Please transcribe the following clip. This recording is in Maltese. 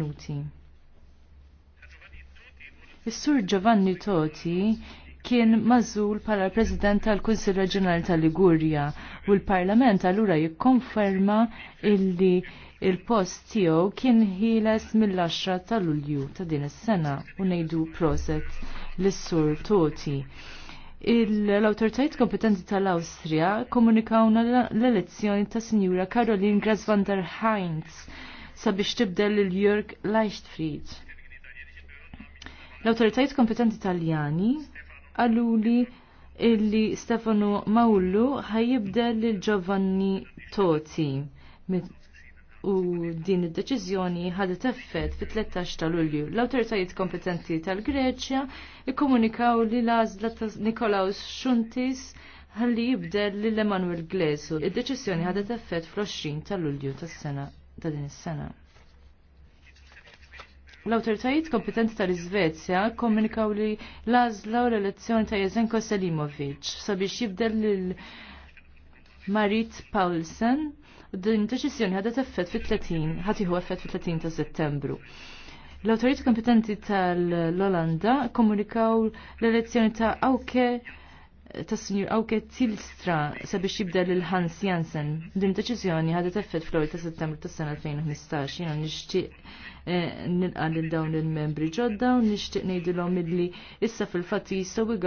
minuti. Is-Sur Giovanni Toti kien mażul pala President tal-Kunsil Reġjonali tal-Ligurja u l-Parlament allura jikkonferma illi il-post tiegħu kien ħieles mill-10 ta' Lulju ta' din is-sena u ngħidu proset lis-Sur Toti. l autoritajt kompetenti tal-Awstrija komunikawna l-elezzjoni ta' Sinjura Caroline Grasvander Heinz sabiex tibdel il-Jörg Leichtfried. L-autoritajiet kompetenti Taljani li illi Stefano Maullu ħajibdel il-Giovanni Toti u din id-deċiżjoni ħadet effett fit-13 ta' Lulju. L-awtoritajiet kompetenti tal-Greċja ikkomunikaw li l-għażla ta' Nikolaus Xuntis ħalli jibdel lil Emanuel Glesu. Id-deċiżjoni ħadet effett fl-20 ta' Lulju tas-sena ta' din is-sena. L-autoritajiet kompetenti tal-Iżvezja komunikaw li lażlaw l-elezzjoni ta' Jezenko Selimovic sabiex jibdel lil Marit Paulsen din deċiżjoni ħadet effett fit-30 ħatiħu effett fit-30 ta' Settembru. L-autoritajiet kompetenti tal-Olanda komunikaw l-elezzjoni ta' Auke tas Sinjur Awket Tilstra sabiex jibda lil Hans Jansen. Din deċiżjoni ħadet effett fl-ewwel ta' Settembru tas-sena 2015. Jiena nixtieq eh, nilqa' lil dawn il-membri ġodda u nixtieq ngħidilhom milli issa fil-fatt jistgħu